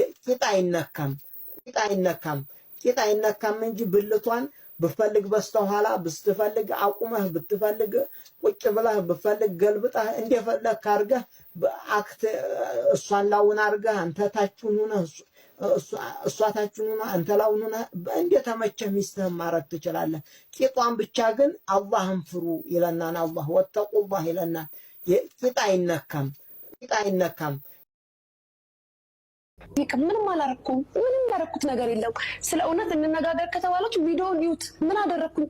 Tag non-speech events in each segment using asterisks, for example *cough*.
ቂጥ አይነካም፣ ቂጥ አይነካም፣ ቂጥ አይነካም እንጂ ብልቷን ብፈልግ በስተኋላ ብትፈልግ አቁመህ ብትፈልግ ቁጭ ብለህ ብፈልግ ገልብጠህ እንደፈለግህ አድርገህ አክት እሷን ላውን አድርገህ አንተ ታችሁን ሆነህ እሷ ታችሁን ሆነህ አንተ ላውን ሆነህ እንደተመቸህ ሚስትህን ማድረግ ትችላለህ። ቂጧን ብቻ ግን አላህን ፍሩ ይለናን። አላህ ወተቁላህ ይለናን። ቂጥ አይነካም፣ ቂጥ አይነካም ምንም አላረኩም። ምንም ያረኩት ነገር የለም። ስለ እውነት እንነጋገር ከተባላችሁ ቪዲዮ ኒውት ምን አደረግኩም?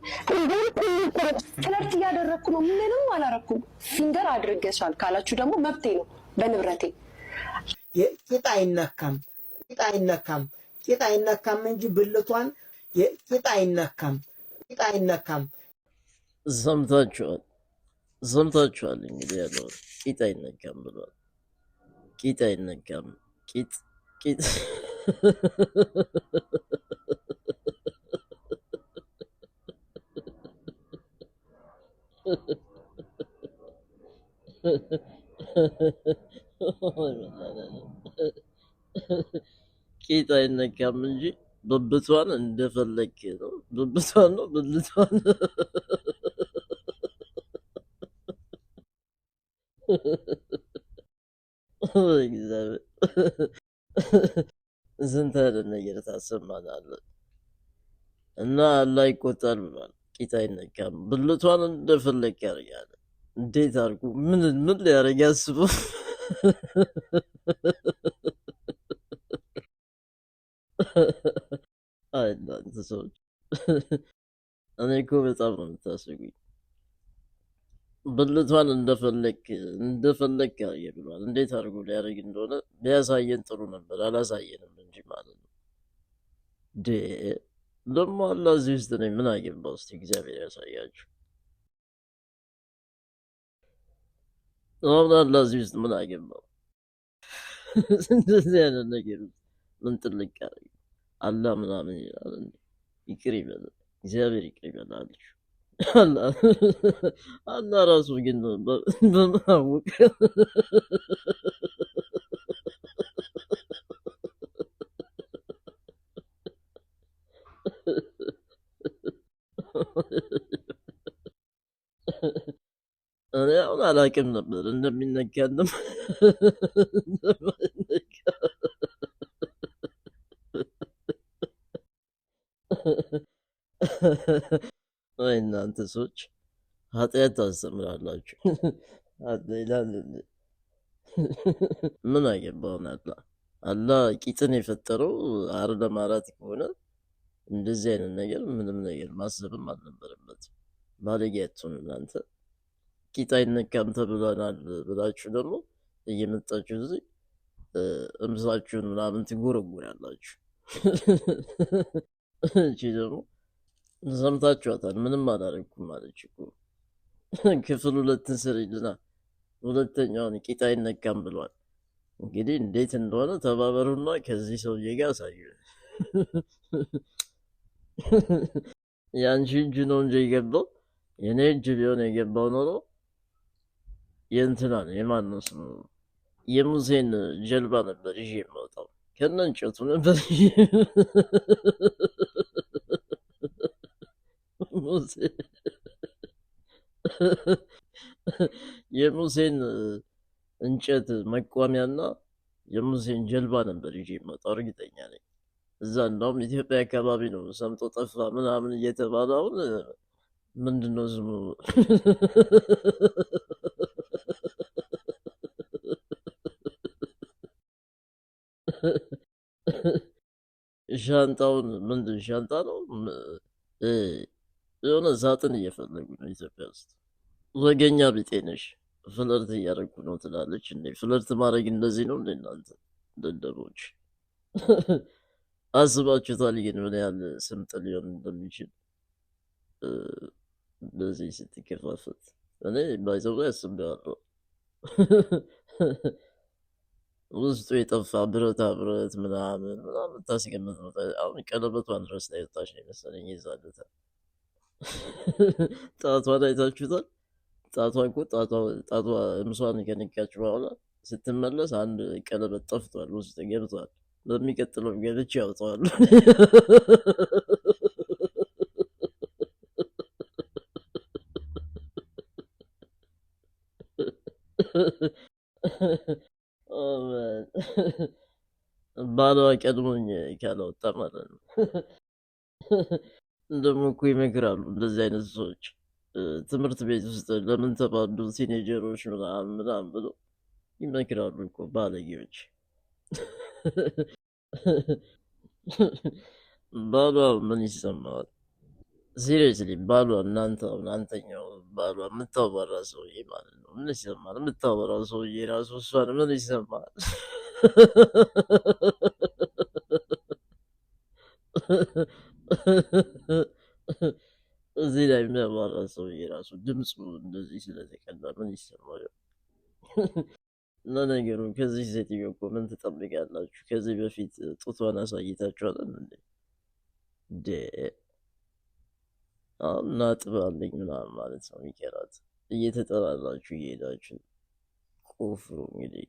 ፍለርት እያደረግኩ ነው። ምንም አላረኩም። ፊንገር አድርገሻል ካላችሁ ደግሞ መብቴ ነው በንብረቴ። ቂጥ አይነካም፣ ቂጥ አይነካም፣ ቂጥ አይነካም እንጂ ብልቷን ቂጥ አይነካም፣ ቂጥ አይነካም። ሰምታችኋል፣ ሰምታችኋል። እንግዲህ ያለው ቂጣ አይነካም ብሏል። ቂጣ አይነካም ቂጥ Git. Κοίτανε καμπλή, τον πεθάναν δεν φαλέ καιρό, τον πεθάνω, τον πεθάνω. Δεν ξέρω. *laughs* ስንት አይነት ነገር ታሰማናለህ። እና አላህ ይቆጣል ብሏል። ቂጥ አይነካም። ብልቷን እንደፈለግ ያደርጋል። እንዴት አድርጉ ምን ምን ሊያደርግ ያስቡ *laughs* አይናንተ ሰዎች እኔ እኮ በጣም ነው የምታስጉኝ። ብልቷን እንደፈለግ እንደፈለግ ብሏል እንዴት አድርጎ ሊያደርግ እንደሆነ ሊያሳየን ጥሩ ነበር፣ አላሳየንም እንጂ ማለት ነው። ደግሞ አላ እዚህ ውስጥ ነኝ፣ ምን አገባ ውስጥ እግዚአብሔር ያሳያችሁ። አሁን አላ እዚህ ውስጥ ምን አገባው? እንደዚህ አይነት ነገር ምን ጥልቅ ያደርግ አላ ምናምን ይላል። ይቅር ይበላል፣ እግዚአብሔር ይቅር ይበላለች። አና ራሱ ግን በማወቅ እኔ አሁን አላቅም ነበር እንደሚነካንም እንደማይነካ እናንተ ሰዎች ኃጢአት ታስተምራላችሁ። ሌላ ምን አገባውን? አላ አላ ቂጥን የፈጠረው አር ለማራት ከሆነ እንደዚህ አይነት ነገር ምንም ነገር ማሰብም አልነበረበትም። ባለጌያችሁን እናንተ ቂጥ አይነካም ተብሏናል ብላችሁ ደግሞ እየመጣችሁ እዚህ እምሳችሁን ምናምን ያላችሁ እቺ ደግሞ ሰምታችኋታል። ምንም አላረግኩም ማለች እኮ ክፍል ሁለትን ስሪልና ሁለተኛውን ቂጣ አይነካም ብሏል። እንግዲህ እንዴት እንደሆነ ተባበሩና ከዚህ ሰውዬ ጋር አሳዩ። የአንቺ እጅ ነው እንጂ የገባው የእኔ እጅ ቢሆን የገባው ኖሮ የእንትና ነው የሙሴን ጀልባ ነበር ይዤ የማወጣው ከነ እንጨቱ ነበር። ሙሴ *laughs* የሙሴን እንጨት መቋሚያና የሙሴን ጀልባ ነበር ይዤ የመጣው እርግጠኛ ነኝ። እዛ እንዳውም ኢትዮጵያ አካባቢ ነው ሰምጦ ጠፋ ምናምን እየተባለ አሁን ምንድን ነው *laughs* ሻንጣውን ምንድን ሻንጣ ነው የሆነ ዛጥን እየፈለጉ ነው ኢትዮጵያ ውስጥ። ዘገኛ ቢጤ ነሽ፣ ፍለርት እያደረጉ ነው ትላለች። እ ፍለርት ማድረግ እንደዚህ ነው እንዴ? እናንተ ደደቦች አስባችሁታል? ግን ምን ያህል ስምጥ ሊሆን እንደሚችል እንደዚህ ስትከፋፈት እኔ ባይዘው አስቤዋለሁ። ውስጡ የጠፋ ብረታ ብረት ምናምን ምናምን ታስገምት ነው። አሁን ቀለበቷን ድረስ ላይ ወጣች ነው የመሰለኝ ይዛለታል ጣቷን አይታችሁታል። ጣቷን እኮ ጣቷ ምሷን ከነካች በኋላ ስትመለስ አንድ ቀለበት ጠፍቷል፣ ውስጥ ገብቷል። ለሚቀጥለው ገብቼ ያውጠዋል። ባለዋ ቀድሞኝ ካላወጣ ማለት ነው። *laughs* እንደውም እኮ ይመክራሉ እንደዚህ አይነት ሰዎች ትምህርት ቤት ውስጥ ለምን ተባሉ ሲኔጀሮች ምናምን ምናምን ብሎ ይመክራሉ እኮ ባለጌዎች። ባሏ ምን ይሰማዋል? ሲሪየስሊ ባሏ እናንተ እናንተኛው ባሏ የምታወራ ሰውዬ ማለት ነው ምን ይሰማል? የምታወራ ሰውዬ ራሱ እሷን ምን ይሰማል? *laughs* እዚህ ላይ የሚያማራ ሰው የራሱ ድምፁ እንደዚህ ስለተቀዳ ምን ይሰማል? *laughs* እና ነገሩ ከዚህ ሴትዮ እኮ ምን ትጠብቃላችሁ? ከዚህ በፊት ጡቷን አሳይታችኋለን እንዴ? ደ እና ጥባለኝ ምናምን ማለት ነው የሚቀራት። እየተጠላላችሁ እየሄዳችሁ ቆፍሩ እንግዲህ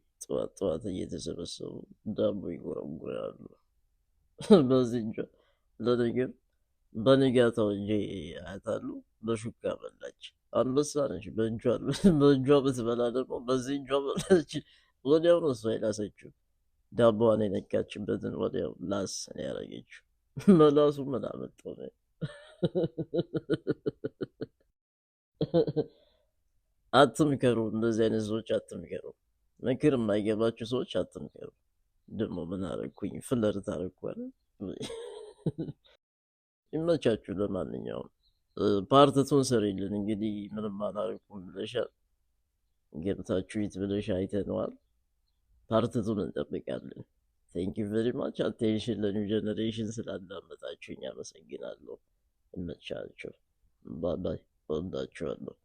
ጥዋት እየተሰበሰቡ ዳቦ ይጎረጉራሉ *laughs* በዚህ እንጃ ለነገር በንጋታው እንጂ ያታሉ በሹካ በላች። አንበሳ ነች። በእንጇ *laughs* ብትበላ ደግሞ በዚህ እንጇ በላች። ወዲያው ነው እሷ የላሰችው። ዳቦዋን የነካችበትን ወዲያው ላስ ነው ያደረገችው። *laughs* መላሱ ምን አመጣው ነው? *laughs* አትምከሩ። እንደዚህ አይነት ሰዎች አትምከሩ። ምክር የማይገባችሁ ሰዎች አትምከሩ። ደግሞ ምን አረግኩኝ? ፍለርት አረግኳል ይመቻችሁ። ለማንኛውም ፓርትቱን ስሪልን እንግዲህ ምንም አላረኩም ብለሻል፣ ገብታችሁ ይት ብለሽ አይተነዋል። ፓርትቱን እንጠብቃለን። ቴንክ ዩ ቨሪ ማች አቴንሽን ለኒው ጀኔሬሽን ስላዳመጣችሁኝ አመሰግናለሁ። ይመቻችሁ። ባባይ ወዳችኋለሁ።